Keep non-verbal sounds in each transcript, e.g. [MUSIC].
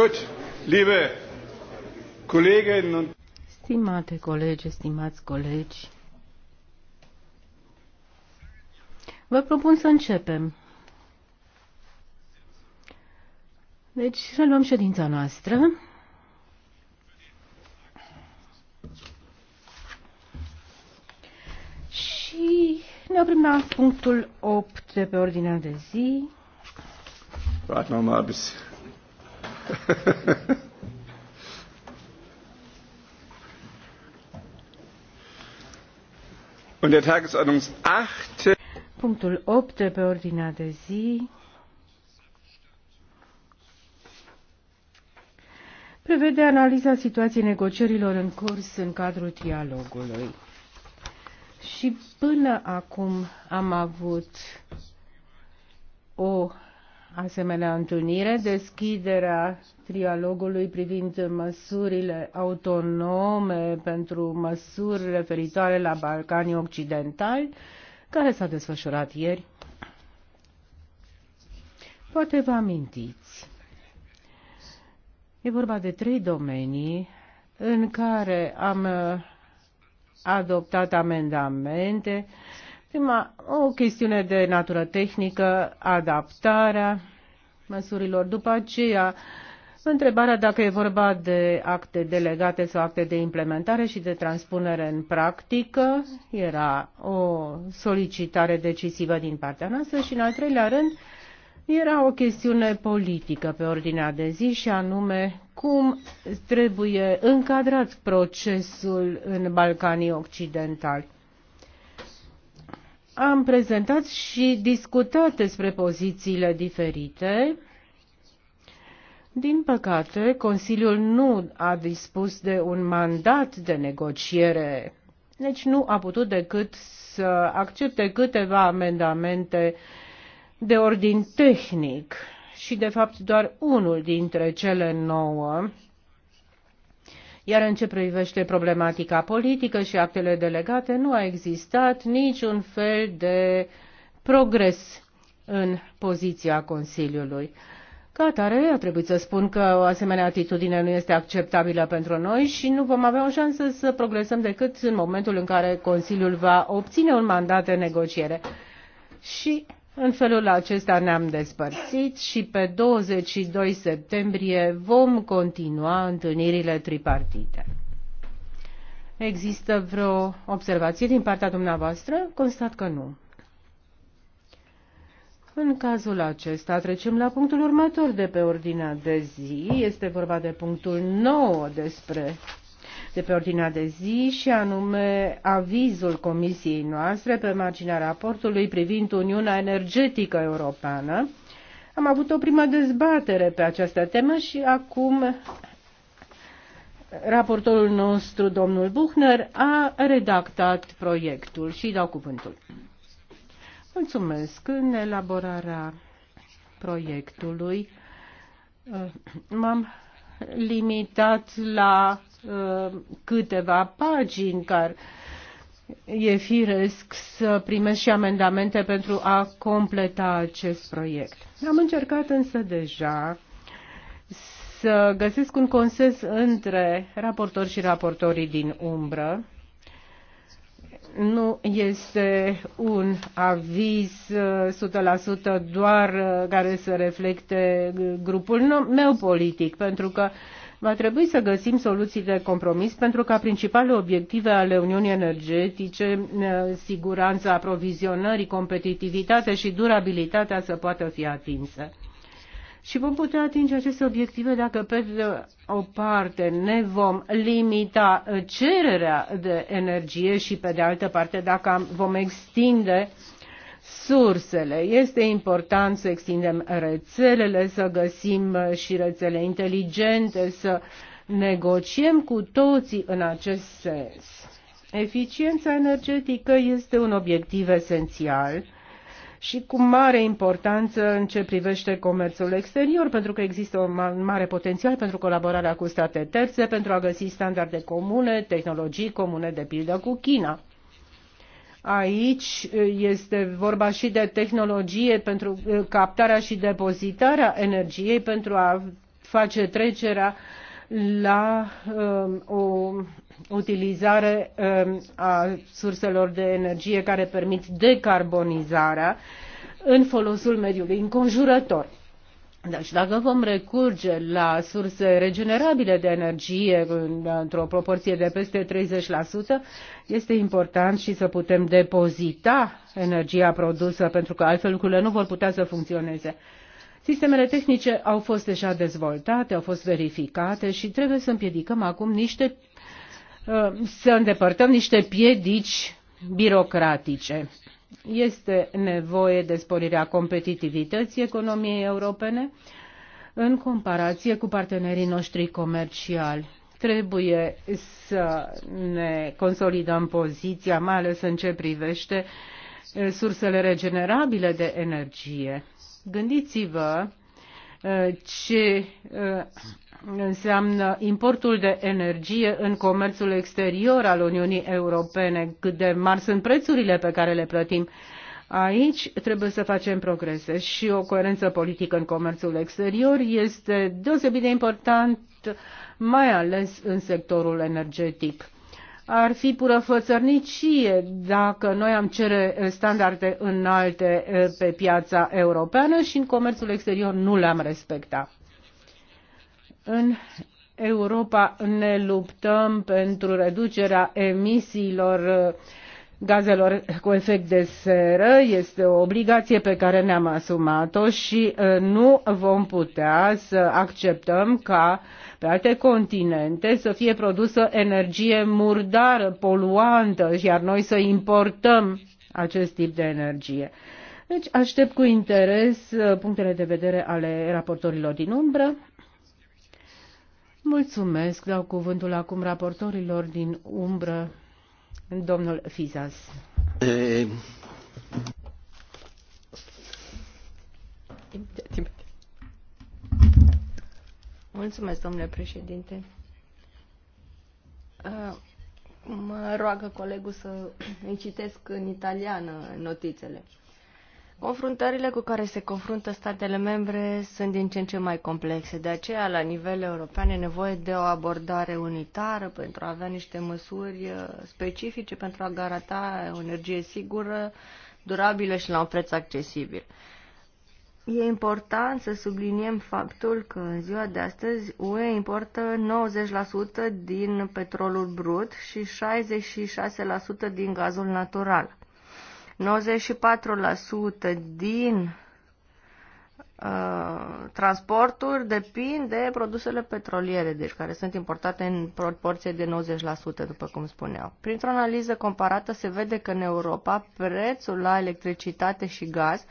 Gut, liebe Kolleginnen Stimate colegi, stimați colegi, vă propun să începem. Deci, reluăm ședința noastră. Și ne oprim la punctul 8 de pe ordinea de zi. Warten wir mal [LAUGHS] Und der Tagesordnungs 8. Punctul 8 de pe ordinea de zi prevede analiza situației negocierilor în curs în cadrul dialogului. Și până acum am avut o asemenea întâlnire, deschiderea trialogului privind măsurile autonome pentru măsuri referitoare la Balcanii Occidentali, care s-a desfășurat ieri. Poate vă amintiți. E vorba de trei domenii în care am adoptat amendamente uh, Prima, o chestiune de natură tehnică, adaptarea măsurilor. După aceea, întrebarea dacă e vorba de acte delegate sau acte de implementare și de transpunere în practică era o solicitare decisivă din partea noastră și, în al treilea rând, era o chestiune politică pe ordinea de zi și anume cum trebuie încadrat procesul în Balcanii Occidentali. Am prezentat și discutat despre pozițiile diferite. Din păcate, Consiliul nu a dispus de un mandat de negociere, deci nu a putut decât să accepte câteva amendamente de ordin tehnic și, de fapt, doar unul dintre cele nouă iar în ce privește problematica politică și actele delegate, nu a existat niciun fel de progres în poziția Consiliului. Ca atare, a trebuit să spun că o asemenea atitudine nu este acceptabilă pentru noi și nu vom avea o șansă să progresăm decât în momentul în care Consiliul va obține un mandat de negociere. Și în felul acesta ne-am despărțit și pe 22 septembrie vom continua întâlnirile tripartite. Există vreo observație din partea dumneavoastră? Constat că nu. În cazul acesta trecem la punctul următor de pe ordinea de zi. Este vorba de punctul 9 despre de pe ordinea de zi și anume avizul comisiei noastre pe marginea raportului privind Uniunea Energetică Europeană. Am avut o primă dezbatere pe această temă și acum raportorul nostru, domnul Buchner, a redactat proiectul și dau cuvântul. Mulțumesc. În elaborarea proiectului uh, m-am limitat la Uh, câteva pagini care e firesc să primesc și amendamente pentru a completa acest proiect. Am încercat însă deja să găsesc un consens între raportori și raportorii din umbră. Nu este un aviz 100% uh, doar uh, care să reflecte grupul meu politic, pentru că uh, Va trebui să găsim soluții de compromis pentru ca principalele obiective ale Uniunii Energetice, eh, siguranța aprovizionării, competitivitatea și durabilitatea să poată fi atinse. Și vom putea atinge aceste obiective dacă, pe o parte, ne vom limita eh, cererea de energie și, pe de altă parte, dacă vom extinde uh, sursele. Este important să extindem rețelele, să găsim uh, și rețele inteligente, să negociem cu toții în acest sens. Eficiența energetică este un obiectiv esențial și cu mare importanță în ce privește comerțul exterior, pentru că există un mare potențial pentru colaborarea cu state terțe, pentru a găsi standarde comune, tehnologii comune, de pildă cu China. Aici eh, este vorba și de tehnologie pentru eh, captarea și depozitarea energiei pentru a face trecerea la um, o utilizare um, a surselor de energie care permit decarbonizarea în folosul mediului înconjurător. Deci dacă vom recurge la surse regenerabile de energie într-o proporție de peste 30%, este important și să putem depozita energia produsă, pentru că altfel lucrurile nu vor putea să funcționeze. Sistemele tehnice au fost deja dezvoltate, au fost verificate și trebuie să împiedicăm acum niște, uh, să îndepărtăm niște piedici birocratice. Este nevoie de sporirea competitivității economiei europene în comparație cu partenerii noștri comerciali. Trebuie să ne consolidăm poziția, mai ales în ce privește sursele regenerabile de energie. Gândiți-vă ce uh, înseamnă importul de energie în comerțul exterior al Uniunii Europene, cât de mari sunt prețurile pe care le plătim. Aici trebuie să facem progrese și o coerență politică în comerțul exterior este deosebit de important, mai ales în sectorul energetic ar fi pură dacă noi am cere eh, standarde înalte eh, pe piața europeană și în comerțul exterior nu le-am respectat. În Europa ne luptăm pentru reducerea emisiilor uh, gazelor cu efect de seră este o obligație pe care ne-am asumat-o și nu vom putea să acceptăm ca pe alte continente să fie produsă energie murdară, poluantă, iar noi să importăm acest tip de energie. Deci aștept cu interes punctele de vedere ale raportorilor din umbră. Mulțumesc, dau cuvântul acum raportorilor din umbră. Domnul Fizas. Mulțumesc, domnule președinte. Mă roagă colegul să îi citesc în italiană notițele. Confruntările cu care se confruntă statele membre sunt din ce în ce mai complexe, de aceea la nivel european e nevoie de o abordare unitară pentru a avea niște măsuri uh, specifice pentru a garanta o energie sigură, durabilă și la un preț accesibil. E important să subliniem faptul că în ziua de astăzi UE importă 90% din petrolul brut și 66% din gazul natural. 94% din uh, transporturi depind de produsele petroliere, deci care sunt importate în proporție de 90%, după cum spuneau. Printr-o analiză comparată se vede că în Europa prețul la electricitate și gaz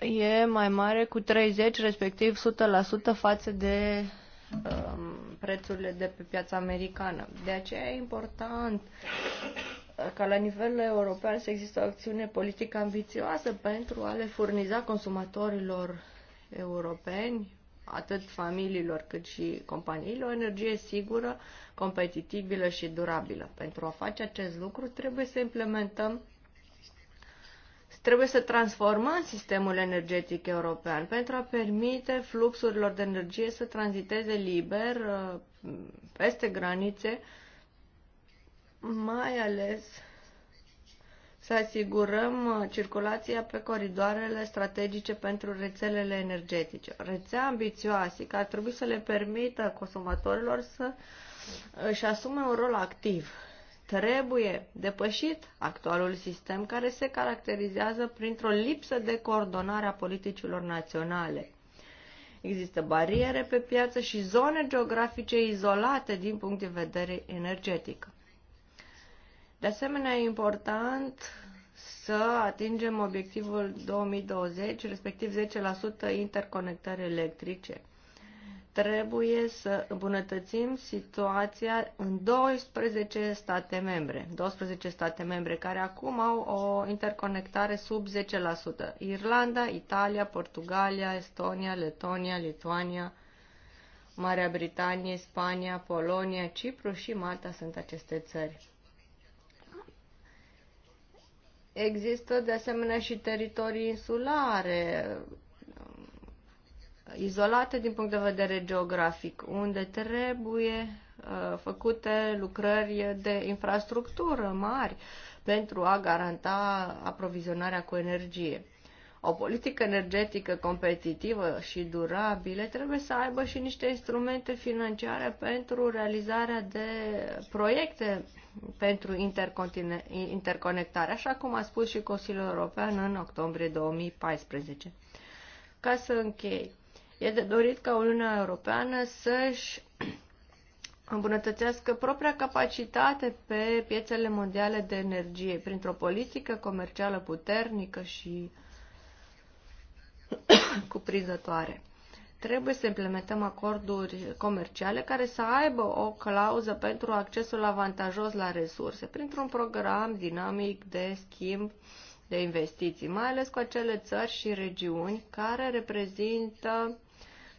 e mai mare cu 30, respectiv 100% față de um, prețurile de pe piața americană. De aceea e important ca la nivel european să există o acțiune politică ambițioasă pentru a le furniza consumatorilor europeni, atât familiilor cât și companiilor, o energie sigură, competitivă și durabilă. Pentru a face acest lucru trebuie să implementăm trebuie să transformăm sistemul energetic european pentru a permite fluxurilor de energie să tranziteze liber uh, peste granițe mai ales să asigurăm uh, circulația pe coridoarele strategice pentru rețelele energetice. Rețea ambițioasă care ar trebui să le permită consumatorilor să își asume un rol activ. Trebuie depășit actualul sistem care se caracterizează printr-o lipsă de coordonare a politicilor naționale. Există bariere pe piață și zone geografice izolate din punct de vedere energetic. De asemenea, e important să atingem obiectivul 2020, respectiv 10% interconectări electrice. Trebuie să îmbunătățim situația în 12 state membre, 12 state membre care acum au o interconectare sub 10%. Irlanda, Italia, Portugalia, Estonia, Letonia, Lituania, Marea Britanie, Spania, Polonia, Cipru și Malta sunt aceste țări. Există de asemenea și teritorii insulare, um, izolate din punct de vedere geografic, unde trebuie uh, făcute lucrări de infrastructură mari pentru a garanta aprovizionarea cu energie. O politică energetică competitivă și durabilă trebuie să aibă și niște instrumente financiare pentru realizarea de proiecte pentru interconectare, așa cum a spus și Consiliul European în octombrie 2014. Ca să închei, e de dorit ca Uniunea Europeană să-și [CLEARS THROAT] îmbunătățească propria capacitate pe piețele mondiale de energie printr-o politică comercială puternică și [CLEARS THROAT] cuprinzătoare. Trebuie să implementăm acorduri comerciale care să aibă o clauză pentru accesul avantajos la resurse, printr-un program dinamic de schimb de investiții, mai ales cu acele țări și regiuni care reprezintă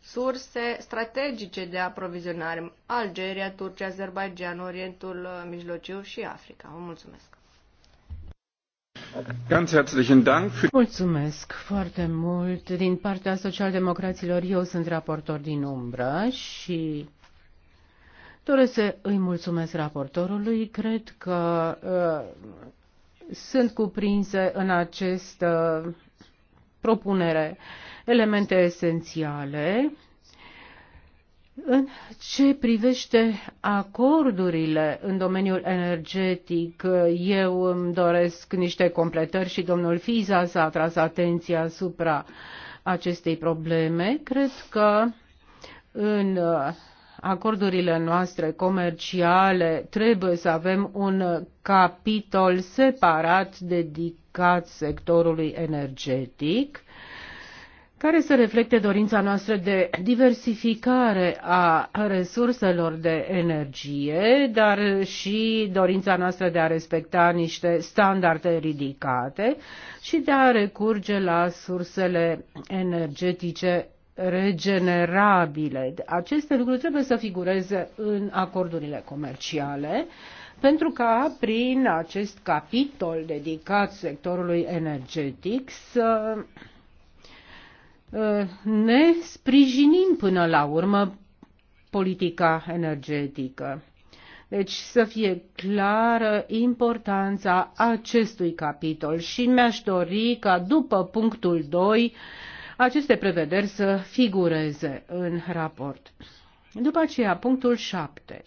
surse strategice de aprovizionare, Algeria, Turcia, Azerbaijan, Orientul Mijlociu și Africa. Vă mulțumesc! Mulțumesc foarte mult. Din partea socialdemocraților, eu sunt raportor din umbră și doresc să îi mulțumesc raportorului. Cred că uh, sunt cuprinse în această uh, propunere elemente esențiale în ce privește acordurile în domeniul energetic, eu îmi doresc niște completări și domnul Fiza s-a atras atenția asupra acestei probleme. Cred că în acordurile noastre comerciale trebuie să avem un capitol separat dedicat sectorului energetic care să reflecte dorința noastră de diversificare a resurselor de energie, dar și dorința noastră de a respecta niște standarde ridicate și de a recurge la sursele energetice regenerabile. Aceste lucruri trebuie să figureze în acordurile comerciale pentru ca prin acest capitol dedicat sectorului energetic să Ă, ne sprijinim până la urmă politica energetică. Deci să fie clară importanța acestui capitol și mi-aș dori ca după punctul 2 aceste prevederi să figureze în raport. După aceea, punctul 7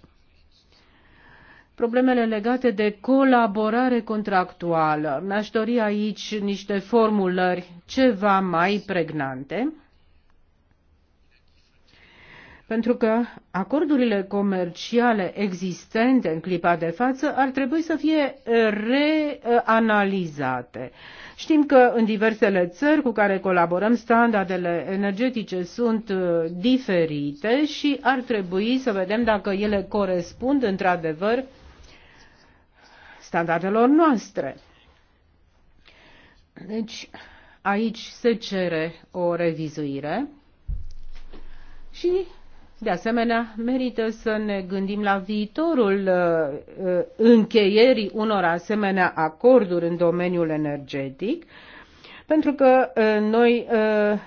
problemele legate de colaborare contractuală. Mi-aș dori aici niște formulări ceva mai pregnante, pentru că acordurile comerciale existente în clipa de față ar trebui să fie reanalizate. Știm că în diversele țări cu care colaborăm standardele energetice sunt uh, diferite și ar trebui să vedem dacă ele corespund într-adevăr standardelor noastre. Deci, aici se cere o revizuire și, de asemenea, merită să ne gândim la viitorul uh, uh, încheierii unor asemenea acorduri în domeniul energetic, pentru că uh, noi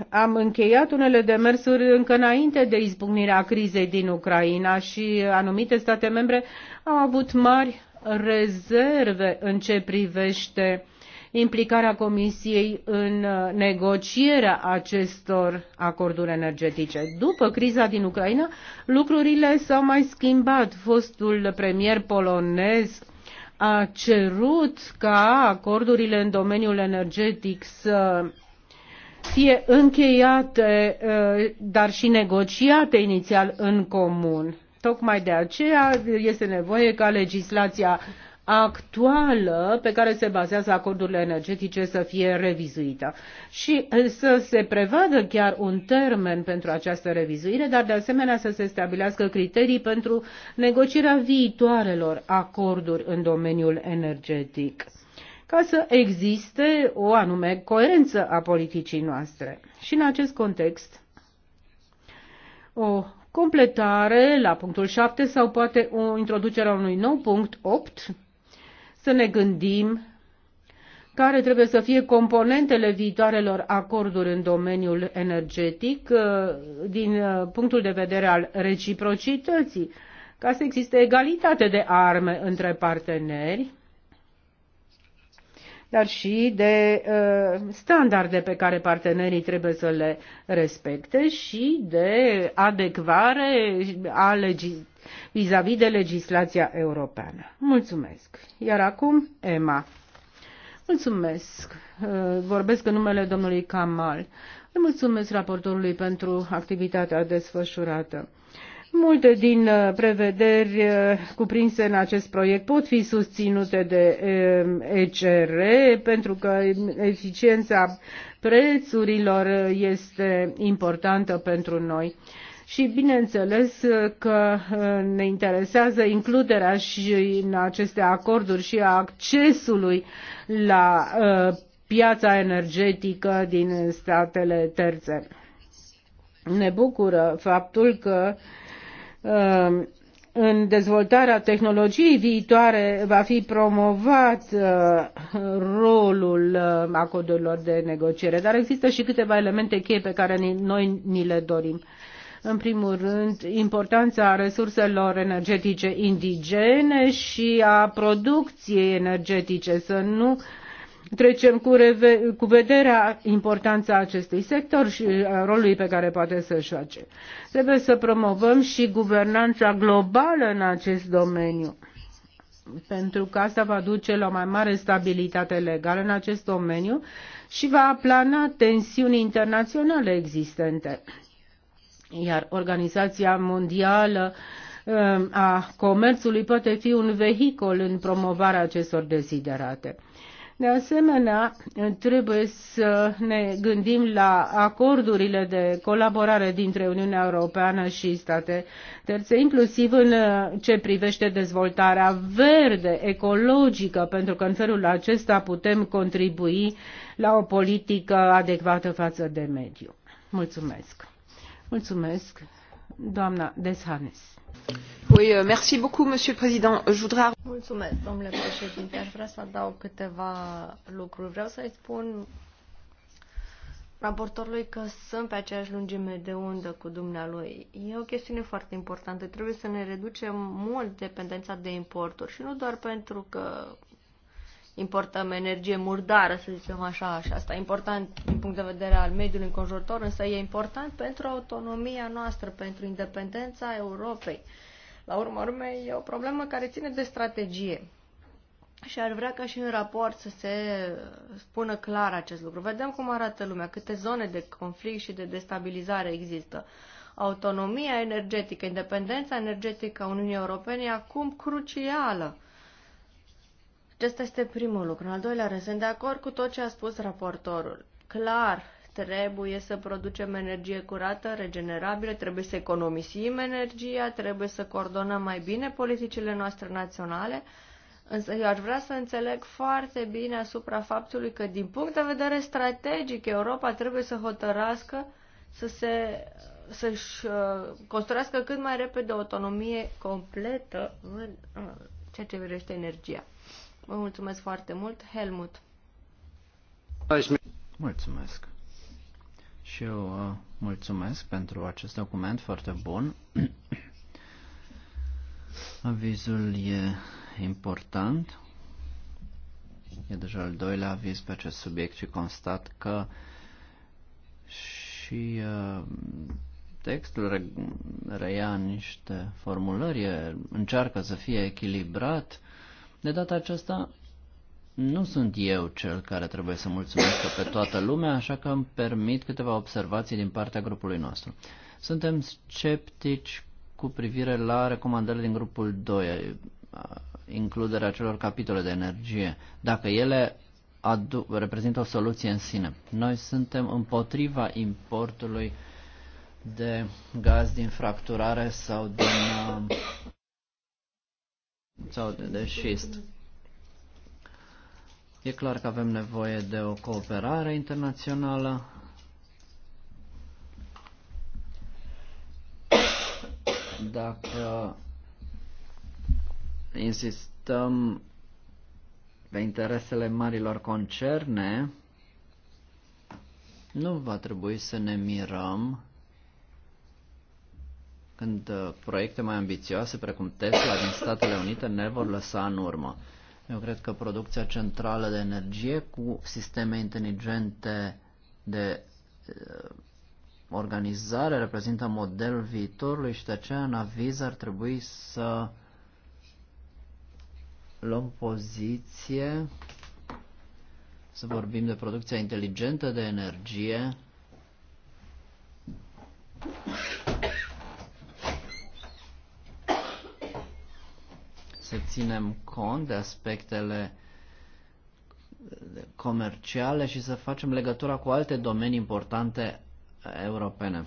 am încheiat unele demersuri încă înainte de izbucnirea crizei din Ucraina și anumite state membre au avut mari rezerve în ce privește implicarea Comisiei în uh, negocierea acestor acorduri energetice. După criza din Ucraina, lucrurile s-au mai schimbat. Fostul premier polonez a cerut ca acordurile în domeniul energetic să fie încheiate, uh, dar și negociate inițial în comun. Tocmai de aceea este nevoie ca legislația actuală pe care se bazează acordurile energetice să fie revizuită și să se prevadă chiar un termen pentru această revizuire, dar de asemenea să se stabilească criterii pentru negocierea viitoarelor acorduri în domeniul energetic ca să existe o anume coerență a politicii noastre. Și în acest context, o completare la punctul 7 sau poate o introducere a unui nou punct 8, să ne gândim care trebuie să fie componentele viitoarelor acorduri în domeniul energetic uh, din uh, punctul de vedere al reciprocității, ca să existe egalitate de arme între parteneri dar și de uh, standarde pe care partenerii trebuie să le respecte și de adecvare a legii vis-a-vis -vis de legislația europeană. Mulțumesc. Iar acum, Emma. Mulțumesc. Uh, vorbesc în numele domnului Kamal. Îi mulțumesc raportorului pentru activitatea desfășurată. Multe din uh, prevederi uh, cuprinse în acest proiect pot fi susținute de uh, ECR pentru că eficiența prețurilor este importantă pentru noi. Și bineînțeles că ne interesează includerea și în aceste acorduri și accesului la piața energetică din statele terțe. Ne bucură faptul că uh, Um, în dezvoltarea tehnologiei viitoare va fi promovat uh, rolul uh, acordurilor de negociere, dar există și câteva elemente cheie pe care noi ni le dorim în primul rând, importanța resurselor energetice indigene și a producției energetice, să nu trecem cu, reve- cu vederea importanța acestui sector și rolului pe care poate să-și face. Trebuie să promovăm și guvernanța globală în acest domeniu pentru că asta va duce la o mai mare stabilitate legală în acest domeniu și va aplana tensiuni internaționale existente. Iar Organizația Mondială um, a Comerțului poate fi un vehicol în promovarea acestor desiderate. De asemenea, trebuie să ne gândim la acordurile de colaborare dintre Uniunea Europeană și state terțe, inclusiv în uh, ce privește dezvoltarea verde, ecologică, pentru că în felul acesta putem contribui la o politică adecvată față de mediu. Mulțumesc. Mulțumesc, doamna Deshanes. Oui, euh, merci Mulțumesc, domnule președinte. Aș vrea să adaug câteva lucruri. Vreau să-i spun raportorului că sunt pe aceeași lungime de undă cu dumnealui. E o chestiune foarte importantă. Trebuie să ne reducem mult dependența de importuri și nu doar pentru că importăm energie murdară, să zicem așa, și asta e important din punct de vedere al mediului înconjurător, însă e important pentru autonomia noastră, pentru independența Europei. La urmă urmei, e o problemă care ține de strategie. Și ar vrea ca și în raport să se spună clar acest lucru. Vedem cum arată lumea, câte zone de conflict și de destabilizare există. Autonomia energetică, independența energetică a Uniunii Europene e acum crucială acesta este primul lucru. În al doilea rând, sunt de acord cu tot ce a spus raportorul. Clar, trebuie să producem energie curată, regenerabilă, trebuie să economisim energia, trebuie să coordonăm mai bine politicile noastre naționale, însă eu aș vrea să înțeleg foarte bine asupra faptului că din punct de vedere strategic Europa trebuie să hotărască să se să-și uh, construiască cât mai repede o autonomie completă în uh, ceea ce privește energia. Vă mulțumesc foarte mult, Helmut. Mulțumesc. Și eu uh, mulțumesc pentru acest document foarte bun. [CLEARS THROAT] Avizul e important. E deja al doilea aviz pe acest subiect și constat că și uh, textul re- reia niște formulări, încearcă să fie echilibrat de data aceasta nu sunt eu cel care trebuie să mulțumesc pe toată lumea, așa că îmi permit câteva observații din partea grupului nostru. Suntem sceptici cu privire la recomandările din grupul 2, includerea celor capitole de energie, dacă ele reprezintă o soluție în sine. Noi suntem împotriva importului de gaz din fracturare sau din uh, sau de șist. E clar că avem nevoie de o cooperare internațională. Dacă insistăm pe interesele marilor concerne, nu va trebui să ne mirăm când uh, proiecte mai ambițioase, precum Tesla din Statele Unite, ne vor lăsa în urmă. Eu cred că producția centrală de energie cu sisteme inteligente de uh, organizare reprezintă modelul viitorului și de aceea în aviz ar trebui să luăm poziție, să vorbim de producția inteligentă de energie să ținem cont de aspectele comerciale și să facem legătura cu alte domenii importante europene.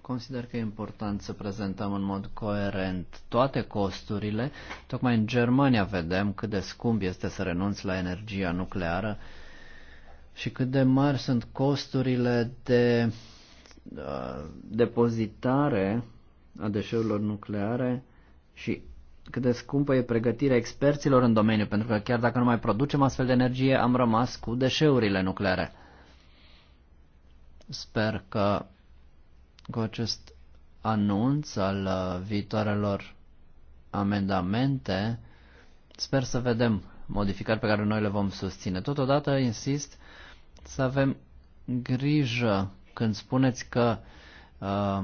Consider că e important să prezentăm în mod coerent toate costurile. Tocmai în Germania vedem cât de scump este să renunți la energia nucleară și cât de mari sunt costurile de depozitare a deșeurilor nucleare și cât de scumpă e pregătirea experților în domeniu, pentru că chiar dacă nu mai producem astfel de energie, am rămas cu deșeurile nucleare. Sper că cu acest anunț al uh, viitoarelor amendamente, sper să vedem modificări pe care noi le vom susține. Totodată, insist, să avem grijă când spuneți că uh,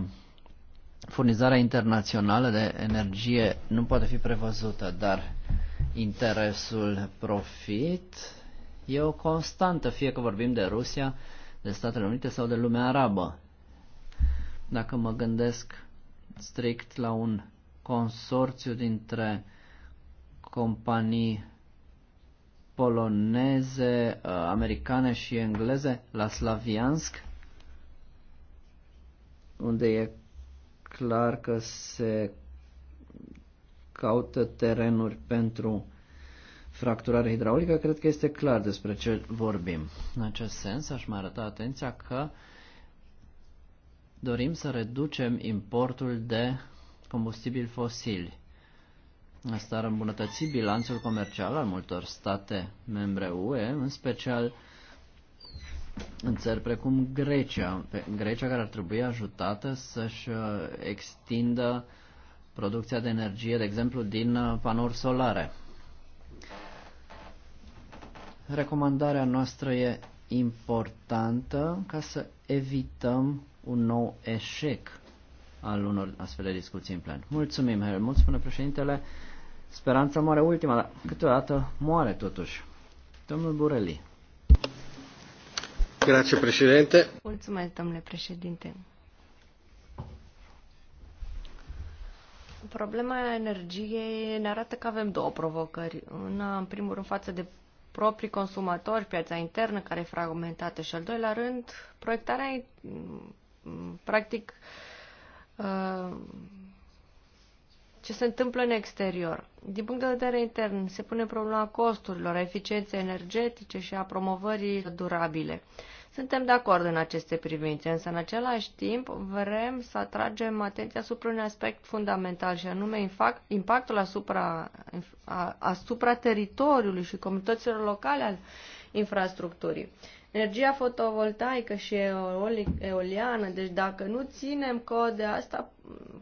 furnizarea internațională de energie nu poate fi prevăzută, dar interesul profit e o constantă, fie că vorbim de Rusia, de Statele Unite sau de lumea arabă. Dacă mă gândesc strict la un consorțiu dintre companii poloneze, uh, americane și engleze la Slaviansk, unde e clar că se caută terenuri pentru fracturare hidraulică, cred că este clar despre ce vorbim. În acest sens, aș mai arăta atenția că dorim să reducem importul de combustibili fosili. Asta ar îmbunătăți bilanțul comercial al multor state membre UE, în special în țări precum Grecia, pe Grecia care ar trebui ajutată să-și uh, extindă producția de energie, de exemplu, din uh, panouri solare. Recomandarea noastră e importantă ca să evităm un nou eșec al unor astfel de discuții în plan. Mulțumim, Helmut, spune președintele. Speranța moare ultima, dar câteodată moare totuși. Domnul Bureli. Grazie, președinte. Mulțumesc, domnule președinte. Problema energiei ne arată că avem două provocări. Una, în primul rând, față de proprii consumatori, piața internă care e fragmentată și al doilea rând, proiectarea practic uh, ce se întâmplă în exterior. Din punct de vedere intern, se pune problema costurilor, a eficienței energetice și a promovării durabile. Suntem de acord în aceste privințe, însă în același timp vrem să atragem atenția asupra unui aspect fundamental și anume impactul asupra, asupra teritoriului și comunităților locale al infrastructurii. Energia fotovoltaică și eoliană, deci dacă nu ținem cod de asta,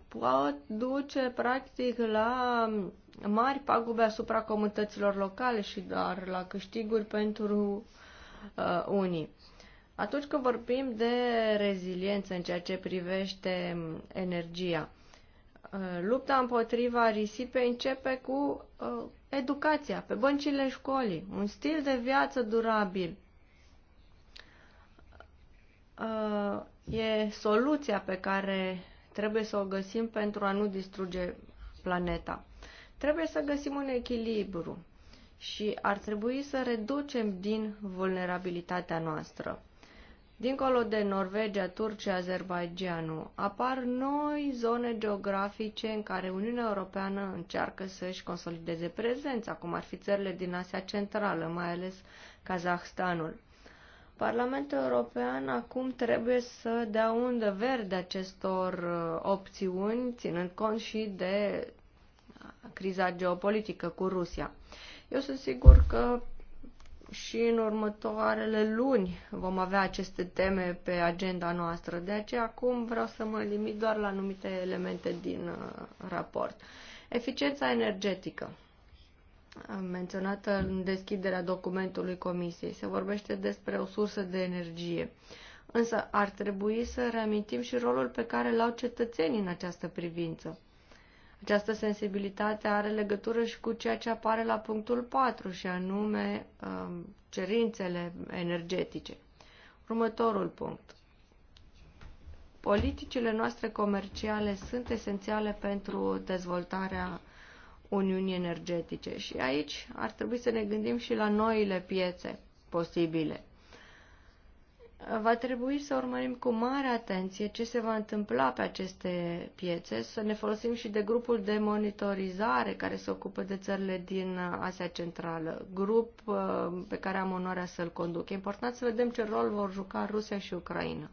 pot duce practic la mari pagube asupra comunităților locale și doar la câștiguri pentru uh, unii. Atunci când vorbim de reziliență în ceea ce privește energia, uh, lupta împotriva risipei începe cu uh, educația, pe băncile școlii, un stil de viață durabil. Uh, e soluția pe care trebuie să o găsim pentru a nu distruge planeta. Trebuie să găsim un echilibru și ar trebui să reducem din vulnerabilitatea noastră. Dincolo de Norvegia, Turcia, Azerbaijanu, apar noi zone geografice în care Uniunea Europeană încearcă să-și consolideze prezența, cum ar fi țările din Asia Centrală, mai ales Kazahstanul. Parlamentul European acum trebuie să dea undă verde acestor uh, opțiuni, ținând cont și de uh, criza geopolitică cu Rusia. Eu sunt sigur că și în următoarele luni vom avea aceste teme pe agenda noastră. De aceea acum vreau să mă limit doar la anumite elemente din uh, raport. Eficiența energetică menționată în deschiderea documentului Comisiei. Se vorbește despre o sursă de energie. Însă ar trebui să reamintim și rolul pe care l-au cetățenii în această privință. Această sensibilitate are legătură și cu ceea ce apare la punctul 4 și anume um, cerințele energetice. Următorul punct. Politicile noastre comerciale sunt esențiale pentru dezvoltarea Uniunii Energetice și aici ar trebui să ne gândim și la noile piețe posibile va trebui să urmărim cu mare atenție ce se va întâmpla pe aceste piețe, să ne folosim și de grupul de monitorizare care se ocupă de țările din Asia Centrală, grup uh, pe care am onoarea să-l conduc. E important să vedem ce rol vor juca Rusia și Ucraina.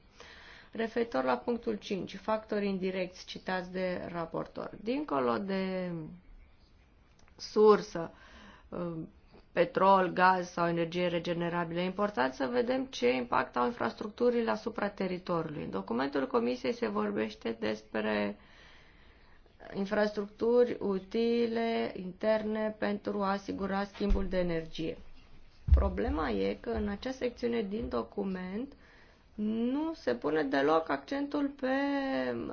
Referitor la punctul 5, factori indirecți citați de raportor. Dincolo de sursă, uh, petrol, gaz sau energie regenerabilă. E important să vedem ce impact au infrastructurile asupra teritoriului. În documentul Comisiei se vorbește despre infrastructuri utile interne pentru a asigura schimbul de energie. Problema e că în acea secțiune din document uh, nu se pune deloc accentul pe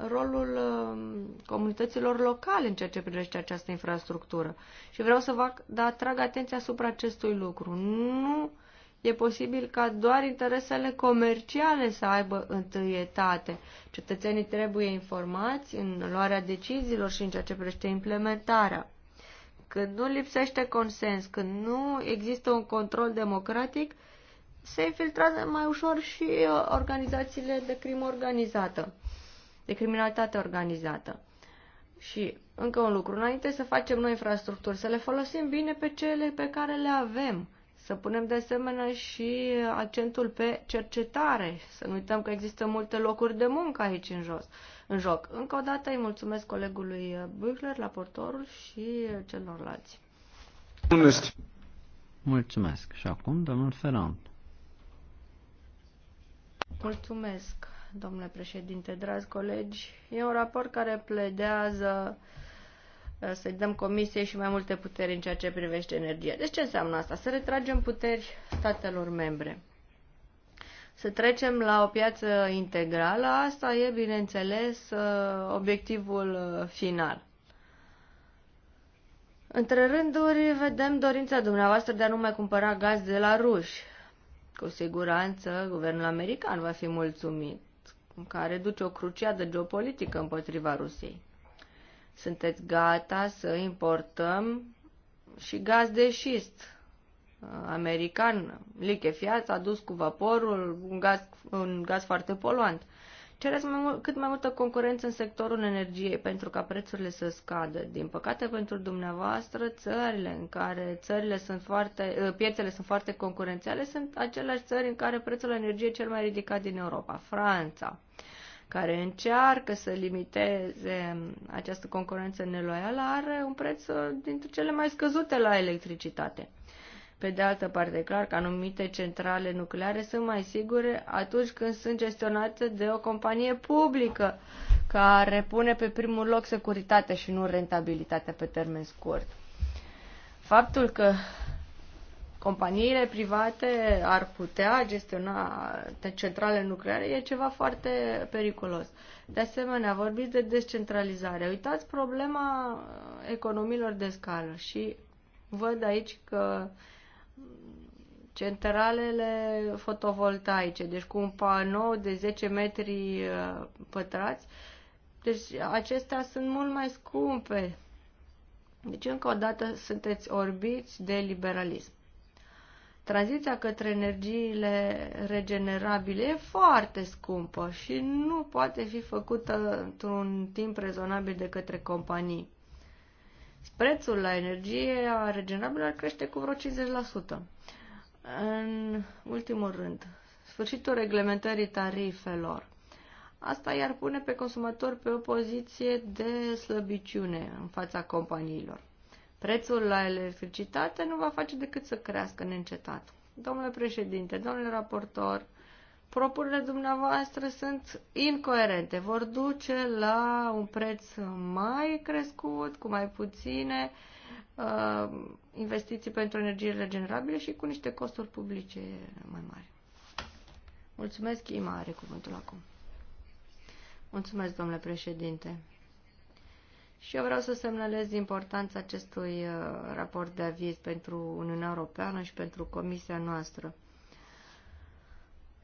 rolul um, comunităților locale în ceea ce privește această infrastructură. Și vreau să vă da, atrag atenția asupra acestui lucru. Nu e posibil ca doar interesele comerciale să aibă întâietate. Cetățenii trebuie informați în luarea deciziilor și în ceea ce privește implementarea. Când nu lipsește consens, când nu există un control democratic, se infiltrează mai ușor și uh, organizațiile de crimă organizată, de criminalitate organizată. Și încă un lucru, înainte să facem noi infrastructuri, să le folosim bine pe cele pe care le avem, să punem de asemenea și accentul pe cercetare, să nu uităm că există multe locuri de muncă aici în, jos, în joc. Încă o dată îi mulțumesc colegului uh, Buchler, raportorul și celorlalți. Mulțumesc. Și acum, domnul Ferrand. Mulțumesc, domnule președinte, dragi colegi. E un raport care pledează uh, să-i dăm comisiei și mai multe puteri în ceea ce privește energia. Deci ce înseamnă asta? Să retragem puteri statelor membre. Să trecem la o piață integrală, asta e, bineînțeles, uh, obiectivul uh, final. Între rânduri, vedem dorința dumneavoastră de a nu mai cumpăra gaz de la ruși. Cu siguranță, guvernul american va fi mulțumit, care duce o cruciadă geopolitică împotriva Rusiei. Sunteți gata să importăm și gaz de șist uh, american lichefiat, adus cu vaporul, un gaz, un gaz foarte poluant. Cereți mai mult, cât mai multă concurență în sectorul energiei pentru ca prețurile să scadă. Din păcate pentru dumneavoastră, țările în care țările sunt foarte, eh, piețele sunt foarte concurențiale sunt aceleași țări în care prețul energiei e cel mai ridicat din Europa. Franța, care încearcă să limiteze această concurență neloială, are un preț eh, dintre cele mai scăzute la electricitate. Pe de altă parte, clar că anumite centrale nucleare sunt mai sigure atunci când sunt gestionate de o companie publică care pune pe primul loc securitatea și nu rentabilitatea pe termen scurt. Faptul că companiile private ar putea gestiona centrale nucleare e ceva foarte periculos. De asemenea, vorbiți de descentralizare. Uitați problema economiilor de scală și văd aici că uh, centralele fotovoltaice, deci cu un panou de 10 metri uh, pătrați. Deci acestea sunt mult mai scumpe. Deci încă o dată sunteți orbiți de liberalism. Tranziția către energiile regenerabile e foarte scumpă și nu poate fi făcută într-un timp rezonabil de către companii. Prețul la energie regenerabilă ar crește cu vreo 50%. În ultimul rând, sfârșitul reglementării tarifelor. Asta i-ar pune pe consumator pe o poziție de slăbiciune în fața companiilor. Prețul la electricitate nu va face decât să crească neîncetat. Domnule președinte, domnule raportor, propunerile dumneavoastră sunt incoerente, vor duce la un preț mai crescut, cu mai puține uh, uh, investiții pentru energie regenerabile și cu niște costuri publice mai mari. Mulțumesc, Ima are cuvântul acum. Mulțumesc, domnule președinte. Și eu vreau să semnalez importanța acestui uh, raport de aviz pentru Uniunea Europeană și pentru Comisia noastră.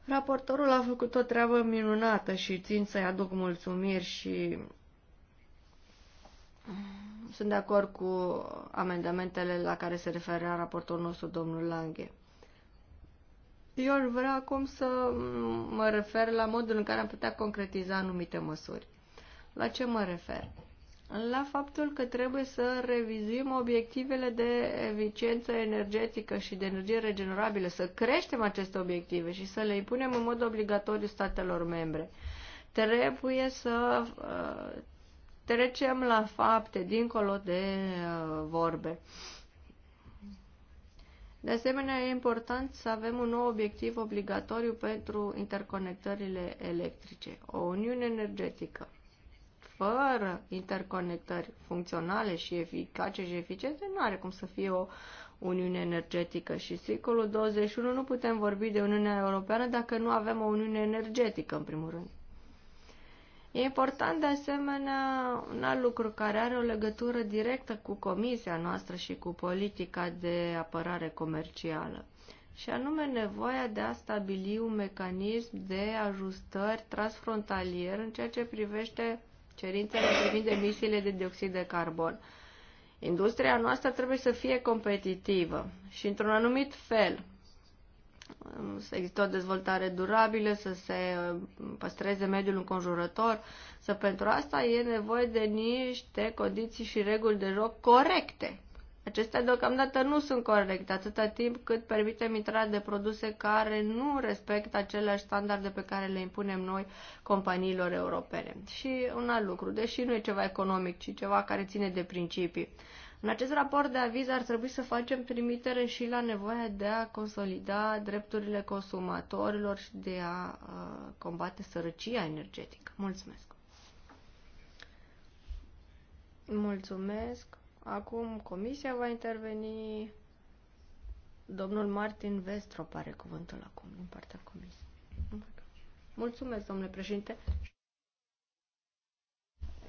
Raportorul a făcut o treabă minunată și țin să-i aduc mulțumiri și sunt de acord cu amendamentele la care se referea raportul nostru, domnul Lange. Eu ar vrea acum să mă refer la modul în care am putea concretiza anumite măsuri. La ce mă refer? La faptul că trebuie să revizuim obiectivele de eficiență energetică și de energie regenerabilă, să creștem aceste obiective și să le impunem în mod obligatoriu statelor membre. Trebuie să uh, trecem la fapte, dincolo de uh, vorbe. De asemenea, e important să avem un nou obiectiv obligatoriu pentru interconectările electrice, o uniune energetică. Fără interconectări funcționale și eficace și eficiente, nu are cum să fie o uniune energetică. Și secolul 21 nu putem vorbi de Uniunea Europeană dacă nu avem o uniune energetică, în primul rând. E important de asemenea un alt lucru care are o legătură directă cu comisia noastră și cu politica de apărare comercială și anume nevoia de a stabili un mecanism de ajustări transfrontalier în ceea ce privește cerințele privind emisiile de dioxid de carbon. Industria noastră trebuie să fie competitivă și, într-un anumit fel, să există o dezvoltare durabilă, să se uh, păstreze mediul înconjurător, să pentru asta e nevoie de niște condiții și reguli de joc corecte. Acestea deocamdată nu sunt corecte atâta timp cât permitem intrarea de produse care nu respectă aceleași standarde pe care le impunem noi companiilor europene. Și un alt lucru, deși nu e ceva economic, ci ceva care ține de principii. În acest raport de aviz ar trebui să facem trimitere și la nevoia de a consolida drepturile consumatorilor și de a combate sărăcia energetică. Mulțumesc! Mulțumesc! Acum comisia va interveni. Domnul Martin Vestro pare cuvântul acum din partea comisiei. Mulțumesc, domnule președinte.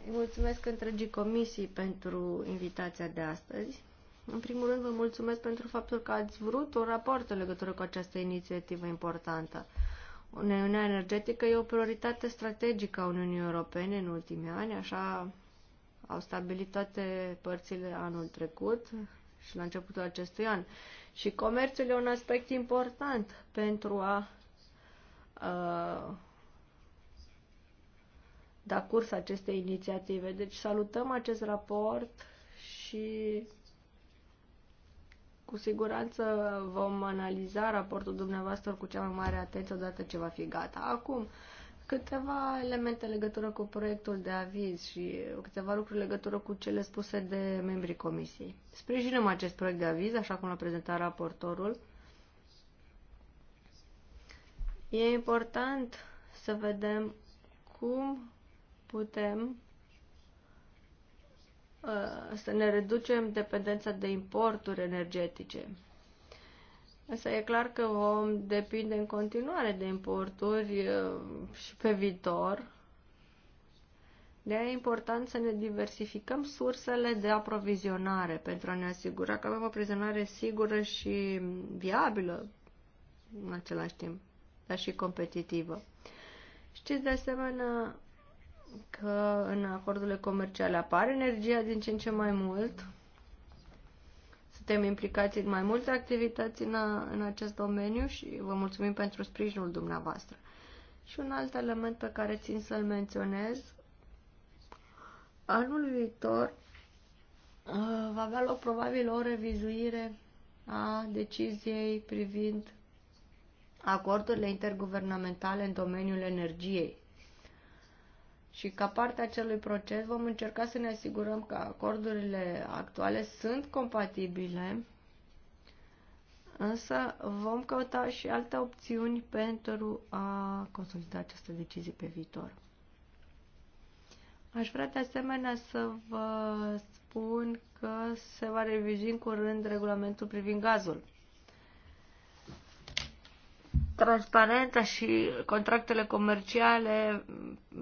Îi mulțumesc întregii comisii pentru invitația de astăzi. În primul rând, vă mulțumesc pentru faptul că ați vrut un raport în legătură cu această inițiativă importantă. Uniunea energetică e o prioritate strategică a Uniunii Europene în ultimii ani, așa au stabilit toate părțile anul trecut și la începutul acestui an. Și comerțul e un aspect important pentru a uh, da curs acestei inițiative. Deci salutăm acest raport și cu siguranță vom analiza raportul dumneavoastră cu cea mai mare atenție odată ce va fi gata. Acum, câteva elemente legătură cu proiectul de aviz și câteva lucruri legătură cu cele spuse de membrii comisiei. Sprijinăm acest proiect de aviz, așa cum l-a prezentat raportorul. E important să vedem cum putem uh, să ne reducem dependența de importuri energetice. Însă e clar că vom depinde în continuare de importuri uh, și pe viitor. De aia e important să ne diversificăm sursele de aprovizionare pentru a ne asigura că avem o aprovizionare sigură și viabilă în același timp, dar și competitivă. Știți de asemenea că în acordurile comerciale apare energia din ce în ce mai mult. Suntem implicați în mai multe activități în, a, în acest domeniu și vă mulțumim pentru sprijinul dumneavoastră. Și un alt element pe care țin să-l menționez, anul viitor uh, va avea loc probabil o revizuire a deciziei privind acordurile interguvernamentale în domeniul energiei. Și ca parte a acelui proces vom încerca să ne asigurăm că acordurile actuale sunt compatibile, însă vom căuta și alte opțiuni pentru a consolida aceste decizii pe viitor. Aș vrea de asemenea să vă spun că se va revizui în curând regulamentul privind gazul transparența și contractele comerciale,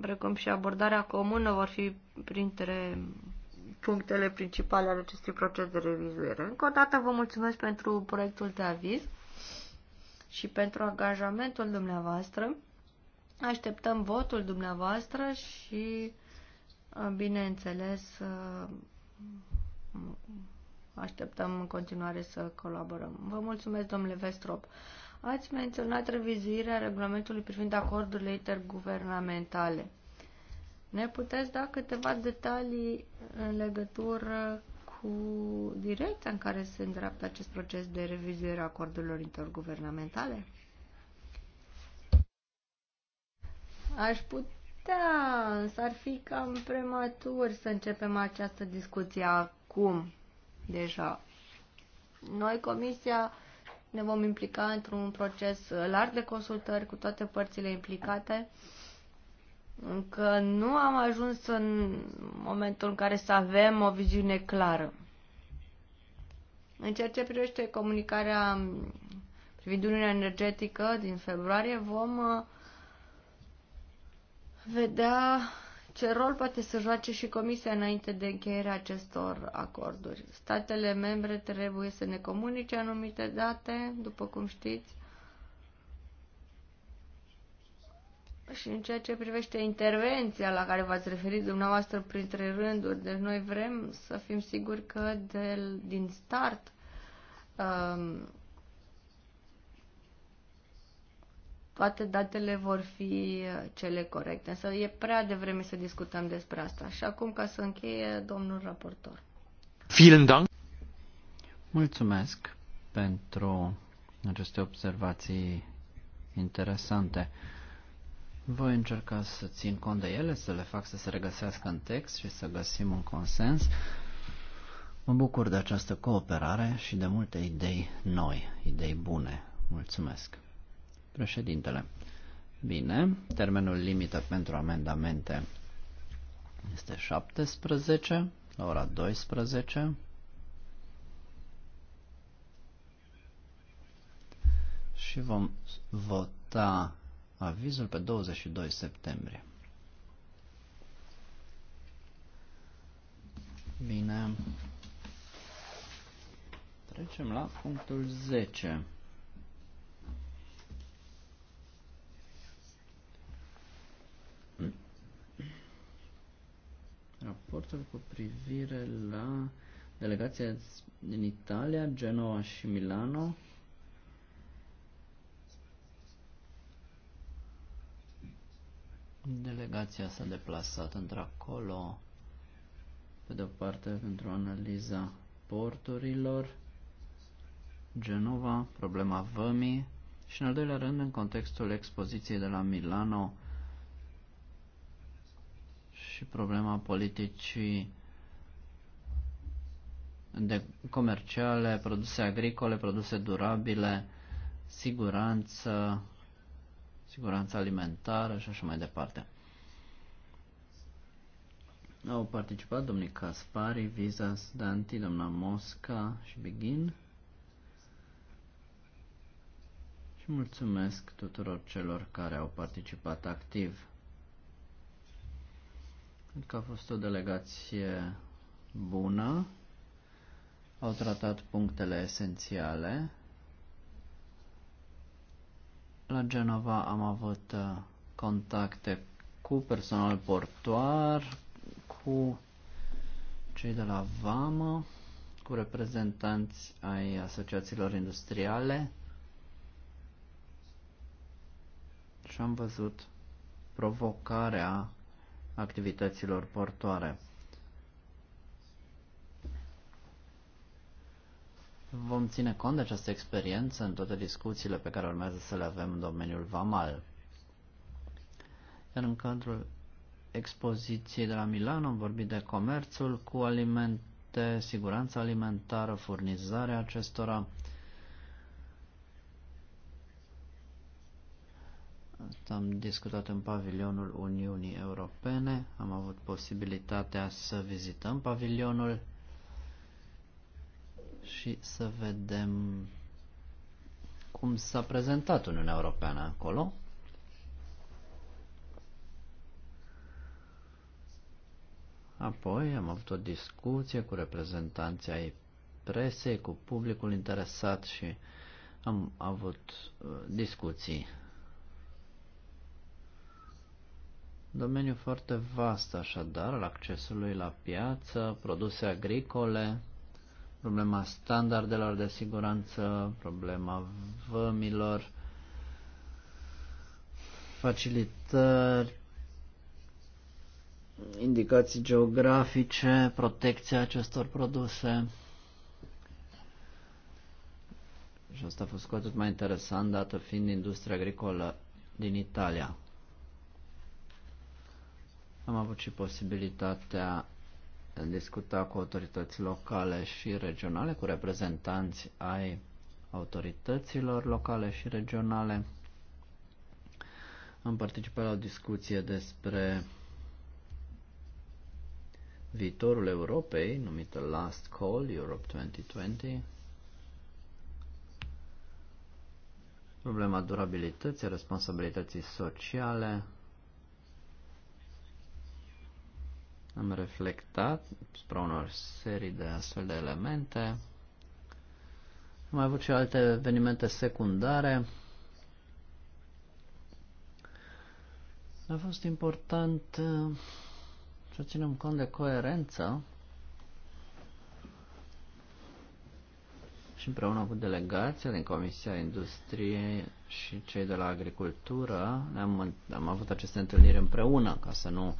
precum și abordarea comună, vor fi printre punctele principale ale acestui proces de revizuire. Încă o dată vă mulțumesc pentru proiectul de aviz și pentru angajamentul dumneavoastră. Așteptăm votul dumneavoastră și, bineînțeles, așteptăm în continuare să colaborăm. Vă mulțumesc, domnule Vestrop. Ați menționat revizuirea regulamentului privind acordurile interguvernamentale. Ne puteți da câteva detalii în legătură cu direcția în care se îndreaptă acest proces de revizuire a acordurilor interguvernamentale? Aș putea, însă ar fi cam prematur să începem această discuție acum, deja. Noi, Comisia, ne vom implica într-un proces larg de consultări cu toate părțile implicate. Încă nu am ajuns în momentul în care să avem o viziune clară. În ceea ce privește comunicarea privind Uniunea Energetică din februarie, vom uh, vedea ce rol poate să joace și Comisia înainte de încheierea acestor acorduri? Statele membre trebuie să ne comunice anumite date, după cum știți. Și în ceea ce privește intervenția la care v-ați referit dumneavoastră printre rânduri, deci noi vrem să fim siguri că de, din start um, toate datele vor fi uh, cele corecte. Însă e prea devreme să discutăm despre asta. Și acum, ca să încheie, domnul raportor. Vielen Dank! Mulțumesc pentru aceste observații interesante. Voi încerca să țin cont de ele, să le fac să se regăsească în text și să găsim un consens. Mă bucur de această cooperare și de multe idei noi, idei bune. Mulțumesc! Președintele. Bine, termenul limită pentru amendamente este 17 la ora 12. Și vom vota avizul pe 22 septembrie. Bine. Trecem la punctul 10. raportul cu privire la delegația din Italia, Genova și Milano. Delegația s-a deplasat într-acolo, pe de-o parte, pentru analiza porturilor, Genova, problema vămii și, în al doilea rând, în contextul expoziției de la Milano, și problema politicii de comerciale, produse agricole, produse durabile, siguranță, siguranță alimentară și așa mai departe. Au participat domnii Caspari, Vizas, Danti, doamna Mosca și Begin. Și mulțumesc tuturor celor care au participat activ. Cred că a fost o delegație bună. Au tratat punctele esențiale. La Genova am avut uh, contacte cu personal portuar, cu cei de la VAMA, cu reprezentanți ai asociațiilor industriale și am văzut provocarea activităților portoare. Vom ține cont de această experiență în toate discuțiile pe care urmează să le avem în domeniul VAMAL. Iar în cadrul expoziției de la Milano am vorbit de comerțul cu alimente, siguranța alimentară, furnizarea acestora, am discutat în pavilionul Uniunii Europene, am avut posibilitatea să vizităm pavilionul și să vedem cum s-a prezentat Uniunea Europeană acolo. Apoi am avut o discuție cu reprezentanții ai presei, cu publicul interesat și am avut uh, discuții Domeniu foarte vast, așadar, al accesului la piață, produse agricole, problema standardelor de siguranță, problema vămilor, facilitări, indicații geografice, protecția acestor produse. Și asta a fost cu atât mai interesant, dată fiind industria agricolă din Italia. Am avut și posibilitatea de a discuta cu autorități locale și regionale, cu reprezentanți ai autorităților locale și regionale. Am participat la o discuție despre viitorul Europei, numită Last Call Europe 2020, problema durabilității, responsabilității sociale, Am reflectat asupra unor serii de astfel de elemente. Am mai avut și alte evenimente secundare. A fost important uh, să ținem cont de coerență și împreună cu delegația din Comisia Industriei și cei de la Agricultură am, am avut aceste întâlniri împreună ca să nu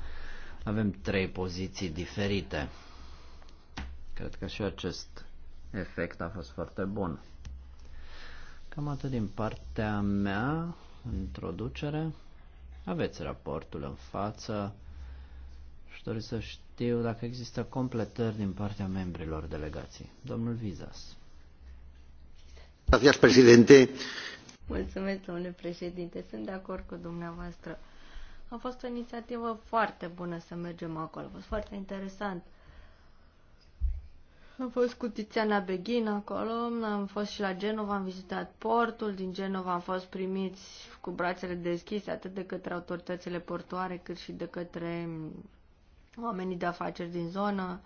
avem trei poziții diferite. Cred că și acest efect a fost foarte bun. Cam atât din partea mea, introducere. Aveți raportul în față și dori să știu dacă există completări din partea membrilor delegației. Domnul Vizas. Mulțumesc, președinte. Mulțumesc, domnule președinte. Sunt de acord cu dumneavoastră. A fost o inițiativă foarte bună să mergem acolo. A fost foarte interesant. Am fost cu Tiziana Beghin acolo, am fost și la Genova, am vizitat portul, din Genova am fost primiți cu brațele deschise atât de către autoritățile portoare cât și de către oamenii de afaceri din zonă.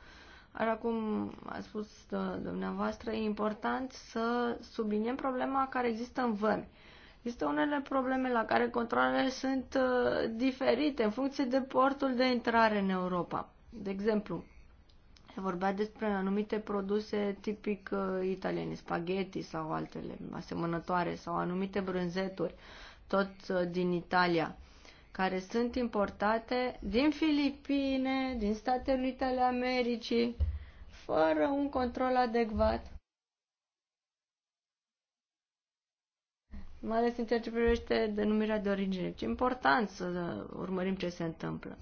Așa cum a spus dumneavoastră, e important să subliniem problema care există în vămi. Există unele probleme la care controlele sunt uh, diferite în funcție de portul de intrare în Europa. De exemplu, vorbea despre anumite produse tipic uh, italiene, spaghetti sau altele asemănătoare sau anumite brânzeturi, tot uh, din Italia, care sunt importate din Filipine, din Statele Unite ale Americii, fără un control adecvat mai ales în ceea ce privește denumirea de origine. Ce important să urmărim ce se întâmplă.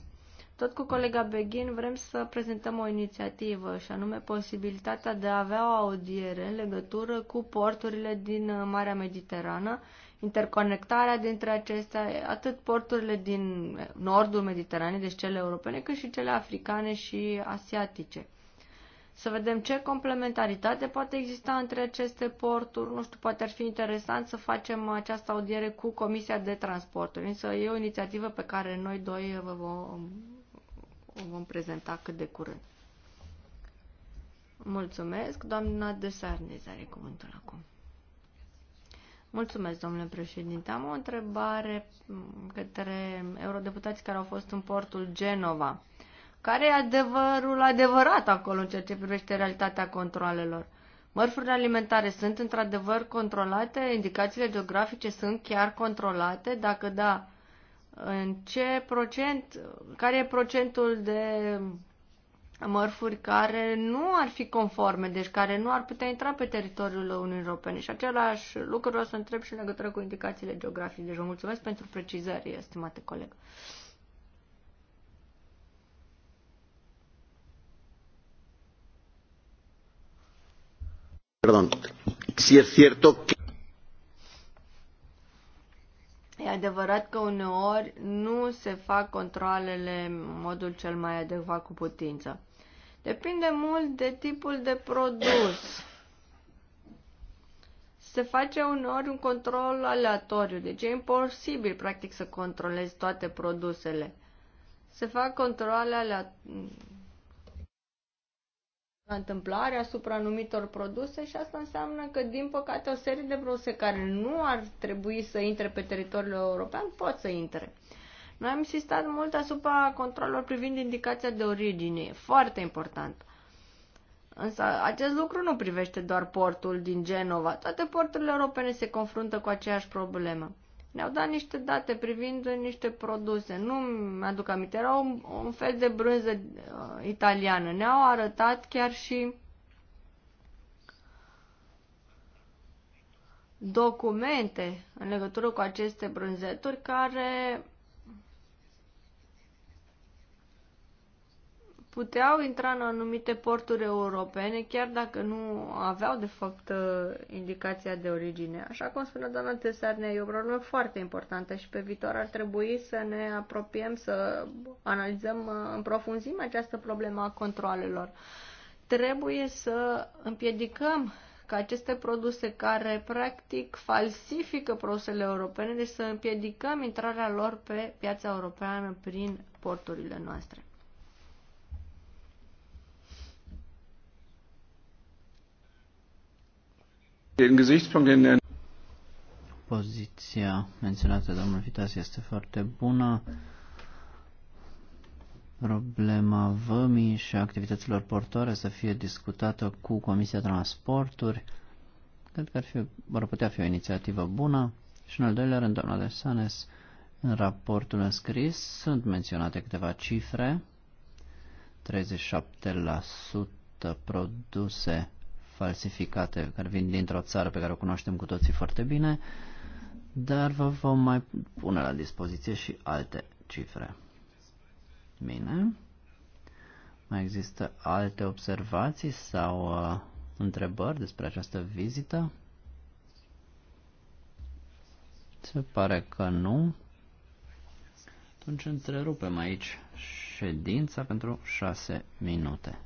Tot cu colega Beghin vrem să prezentăm o inițiativă și anume posibilitatea de a avea o audiere în legătură cu porturile din Marea Mediterană, interconectarea dintre acestea, atât porturile din nordul Mediteranei, deci cele europene, cât și cele africane și asiatice. Să vedem ce complementaritate poate exista între aceste porturi. Nu știu, poate ar fi interesant să facem această audiere cu Comisia de Transporturi. Însă e o inițiativă pe care noi doi vă vom, o vom prezenta cât de curând. Mulțumesc. Doamna de Sarnez are cuvântul acum. Mulțumesc, domnule președinte. Am o întrebare către eurodeputații care au fost în portul Genova. Care e adevărul adevărat acolo în ceea ce privește realitatea controlelor? Mărfurile alimentare sunt într-adevăr controlate? Indicațiile geografice sunt chiar controlate? Dacă da, în ce procent, care e procentul de mărfuri care nu ar fi conforme, deci care nu ar putea intra pe teritoriul Uniunii Europene. Și același lucru o să întreb și în legătură cu indicațiile geografice. Deci vă mulțumesc pentru precizări, estimate coleg. Perdón. Si es cierto que... E adevărat că uneori nu se fac controlele în modul cel mai adecvat cu putință. Depinde mult de tipul de produs. Se face uneori un control aleatoriu, deci e imposibil practic să controlezi toate produsele. Se fac controle aleatorii la întâmplare asupra anumitor produse și asta înseamnă că, din păcate, o serie de produse care nu ar trebui să intre pe teritoriul european pot să intre. Noi am insistat mult asupra controlelor privind indicația de origine, foarte important. Însă acest lucru nu privește doar portul din Genova, toate porturile europene se confruntă cu aceeași problemă ne-au dat niște date privind niște produse. Nu mi-aduc aminte, era un, un fel de brânză uh, italiană. Ne-au arătat chiar și documente în legătură cu aceste brânzeturi care puteau intra în anumite porturi europene, chiar dacă nu aveau, de fapt, uh, indicația de origine. Așa cum spunea doamna Tesarnea, e o problemă foarte importantă și pe viitor ar trebui să ne apropiem, să analizăm uh, în profunzime această problemă a controlelor. Trebuie să împiedicăm ca aceste produse care practic falsifică produsele europene, deci să împiedicăm intrarea lor pe piața europeană prin porturile noastre. Poziția menționată de domnul Vitas este foarte bună. Problema vămii și activităților portoare să fie discutată cu Comisia Transporturi. Cred că ar, fi, ar putea fi o inițiativă bună. Și în al doilea rând, doamna de Sanes, în raportul înscris sunt menționate câteva cifre. 37% produse falsificate care vin dintr-o țară pe care o cunoaștem cu toții foarte bine, dar vă vom mai pune la dispoziție și alte cifre. Bine. Mai există alte observații sau uh, întrebări despre această vizită? Se pare că nu. Atunci întrerupem aici ședința pentru șase minute.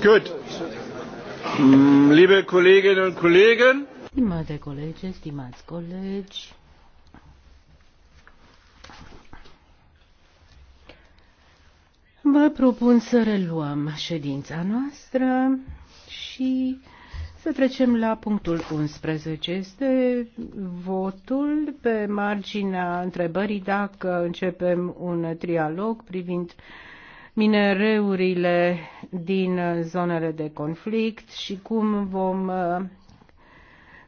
Good. Mm, liebe Kolleginnen und Kollegen. Stimate colegi, stimați colegi. Vă propun să reluăm ședința noastră și să trecem la punctul 11. Este votul pe marginea întrebării dacă începem un trialog privind uh, minereurile din zonele de conflict și cum vom uh,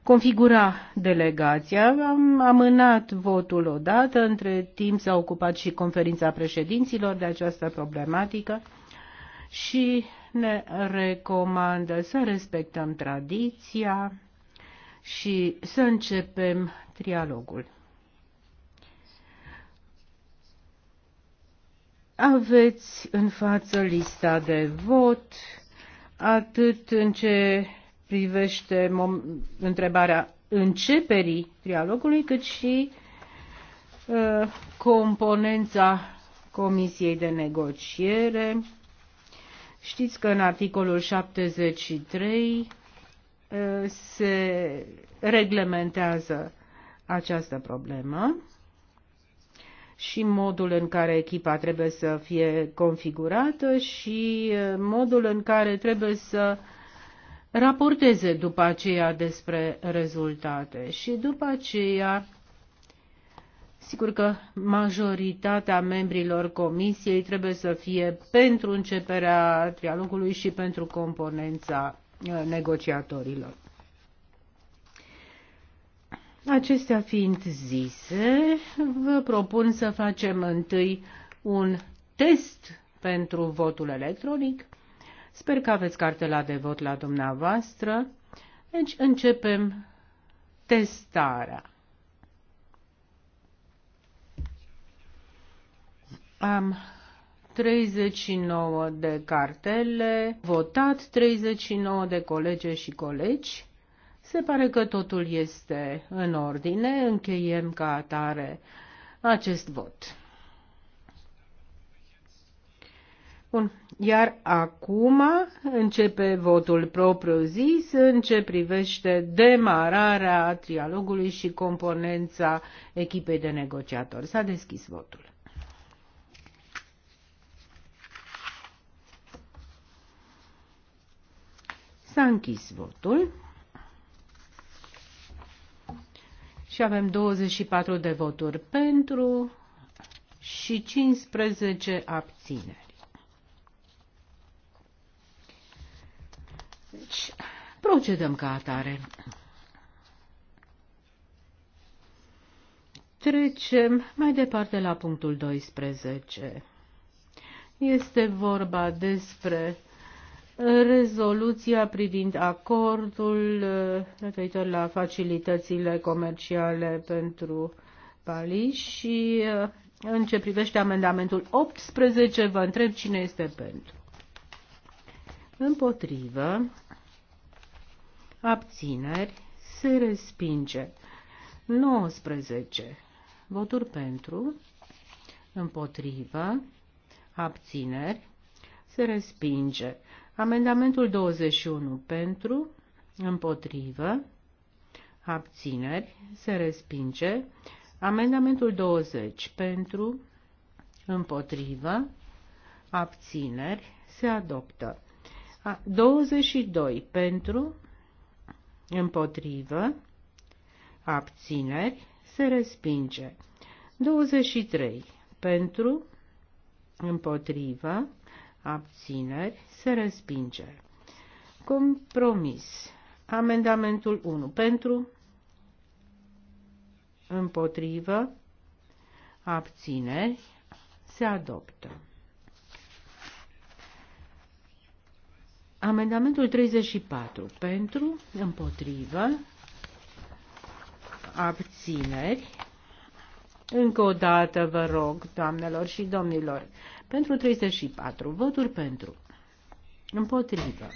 configura delegația. Am amânat votul odată, între timp s-a ocupat și conferința președinților de această problematică și ne recomandă să respectăm tradiția și să începem trialogul. Aveți în față lista de vot, atât în ce privește întrebarea începerii dialogului, cât și uh, componența Comisiei de Negociere. Știți că în articolul 73 uh, se reglementează această problemă și modul în care echipa trebuie să fie configurată și uh, modul în care trebuie să raporteze după aceea despre rezultate. Și după aceea, sigur că majoritatea membrilor comisiei trebuie să fie pentru începerea trialogului și pentru componența uh, negociatorilor. Acestea fiind zise, vă propun să facem întâi un test pentru votul electronic. Sper că aveți cartela de vot la dumneavoastră. Deci începem testarea. Am 39 de cartele, votat 39 de colege și colegi. Se pare că totul este în ordine. Încheiem ca atare acest vot. Bun. Iar acum începe votul propriu-zis în ce privește demararea trialogului și componența echipei de negociatori. S-a deschis votul. S-a închis votul. Și avem 24 de voturi pentru și 15 abțineri. Deci, procedăm ca atare. Trecem mai departe la punctul 12. Este vorba despre rezoluția privind acordul uh, referitor la facilitățile comerciale pentru Bali și uh, în ce privește amendamentul 18, vă întreb cine este pentru. Împotrivă, abțineri, se respinge. 19. Voturi pentru, împotrivă, abțineri, se respinge. Amendamentul 21 pentru, împotrivă, abțineri, se respinge. Amendamentul 20 pentru, împotrivă, abțineri, se adoptă. 22 pentru, împotrivă, abțineri, se respinge. 23 pentru, împotrivă, abțineri, se respinge. Compromis. Amendamentul 1 pentru, împotrivă, abțineri, se adoptă. Amendamentul 34 pentru, împotrivă, abțineri. Încă o dată vă rog, doamnelor și domnilor, pentru 34. Voturi pentru. Împotrivă.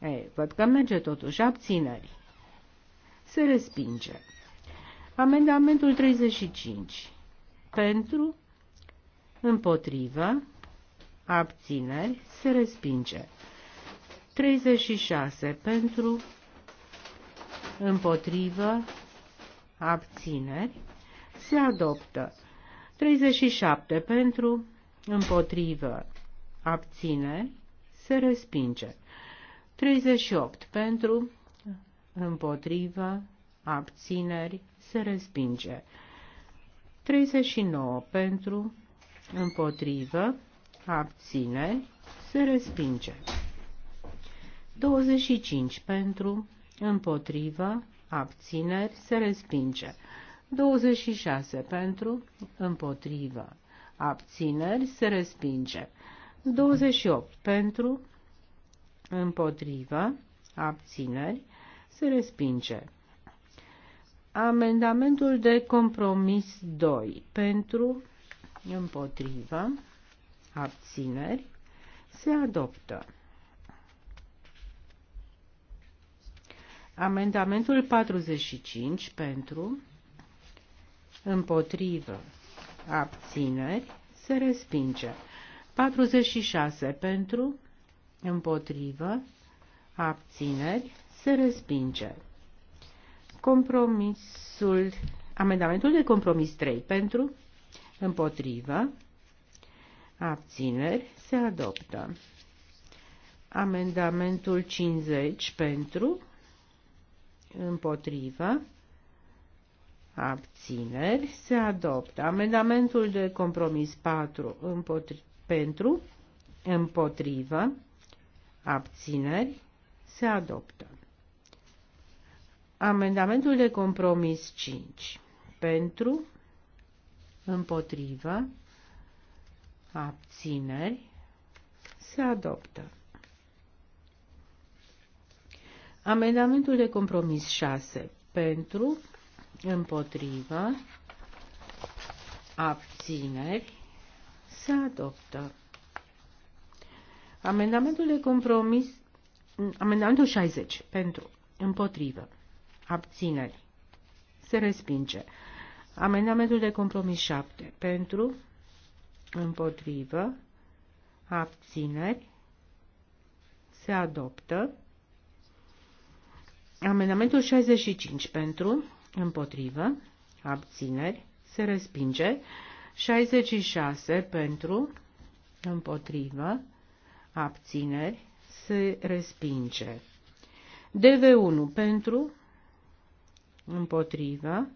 Ei, văd că merge totuși. Abțineri. Se respinge. Amendamentul 35. Pentru. Împotrivă. Abțineri. Se respinge. 36. Pentru. Împotrivă. Abțineri. Se adoptă. 37 pentru, împotrivă, abțineri, se respinge. 38 pentru, împotrivă, abțineri, se respinge. 39 pentru, împotrivă, abțineri, se respinge. 25 pentru, împotrivă, abțineri, se respinge. 26 pentru, împotrivă, abțineri, se respinge. 28 pentru, împotrivă, abțineri, se respinge. Amendamentul de compromis 2 pentru, împotrivă, abțineri, se adoptă. Amendamentul 45 pentru, împotrivă, abțineri, se respinge. 46 pentru, împotrivă, abțineri, se respinge. Compromisul, amendamentul de compromis 3 pentru, împotrivă, abțineri, se adoptă. Amendamentul 50 pentru, împotrivă, abțineri, se adoptă. Amendamentul de compromis 4 împotri, pentru, împotrivă, abțineri, se adoptă. Amendamentul de compromis 5 pentru, împotrivă, abțineri, se adoptă. Amendamentul de compromis 6 pentru, împotrivă, abțineri, se adoptă. Amendamentul de compromis, amendamentul 60, pentru, împotrivă, abțineri, se respinge. Amendamentul de compromis 7, pentru, împotrivă, abțineri, se adoptă. Amendamentul 65 pentru, împotrivă, abțineri, se respinge, 66 pentru, împotrivă, abțineri, se respinge. DV1 pentru, împotrivă,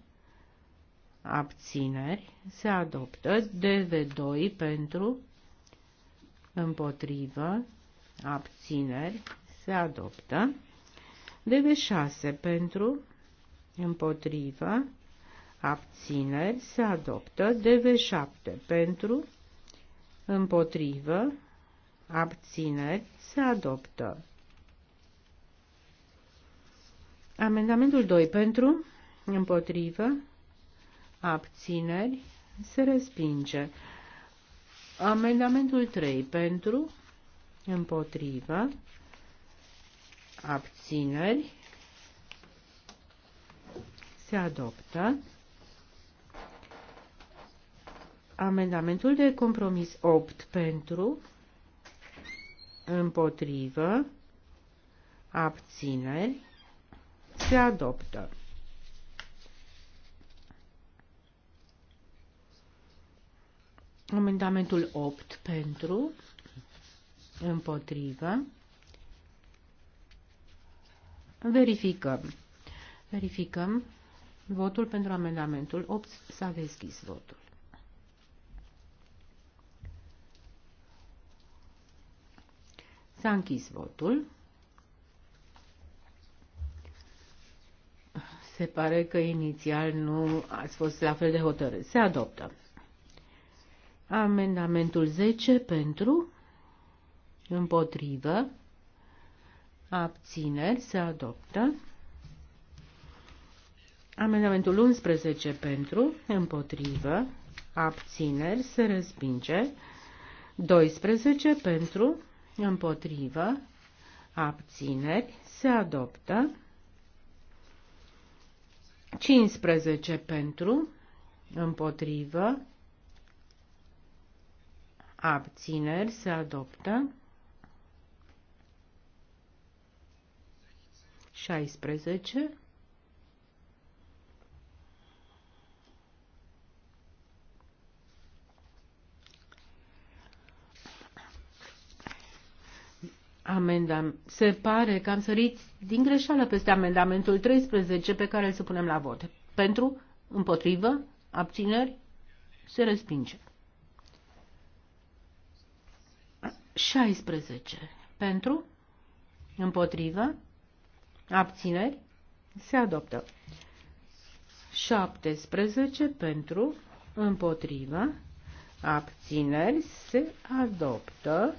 abțineri, se adoptă. DV2 pentru, împotrivă, abțineri, se adoptă. DV6 pentru, împotrivă, abțineri, se adoptă. DV7 pentru, împotrivă, abțineri, se adoptă. Amendamentul 2 pentru, împotrivă, abțineri, se respinge. Amendamentul 3 pentru, împotrivă, abțineri, se adoptă. Amendamentul de compromis 8 pentru, împotrivă, abțineri, se adoptă. Amendamentul 8 pentru, împotrivă, verificăm. Verificăm Votul pentru amendamentul 8 s-a deschis votul. S-a închis votul. Se pare că inițial nu ați fost la fel de hotărât. Se adoptă. Amendamentul 10 pentru, împotrivă, abțineri, se adoptă. Amendamentul 11 pentru, împotrivă, abțineri, se respinge. 12 pentru, împotrivă, abțineri, se adoptă. 15 pentru, împotrivă, abțineri, se adoptă. 16 amendament. Se pare că am sărit din greșeală peste amendamentul 13 pe care îl supunem la vot. Pentru, împotrivă, abțineri, se respinge. 16. Pentru, împotrivă, abțineri, se adoptă. 17 pentru, împotrivă, abțineri, se adoptă.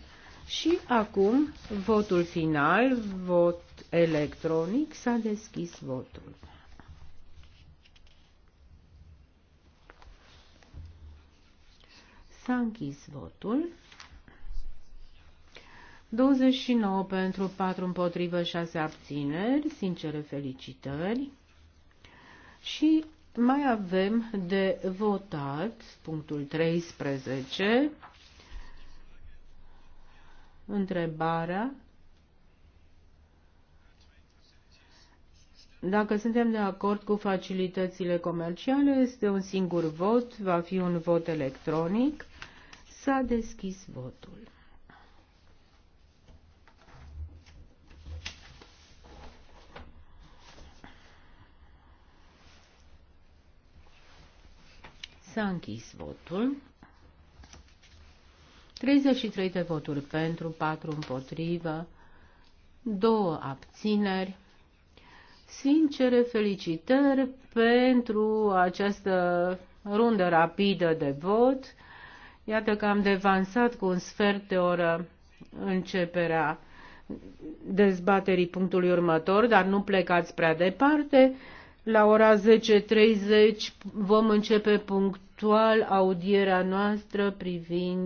Și acum votul final, vot electronic, s-a deschis votul. S-a închis votul. 29 pentru 4 împotrivă 6 abțineri, sincere felicitări. Și mai avem de votat punctul 13, întrebarea Dacă suntem de acord cu facilitățile comerciale, este un singur vot, va fi un vot electronic. S-a deschis votul. S-a închis votul. 33 de voturi pentru, 4 împotrivă, 2 abțineri. Sincere felicitări pentru această rundă rapidă de vot. Iată că am devansat cu un sfert de oră începerea dezbaterii punctului următor, dar nu plecați prea departe. La ora 10.30 vom începe punctual audierea noastră privind